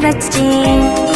रचे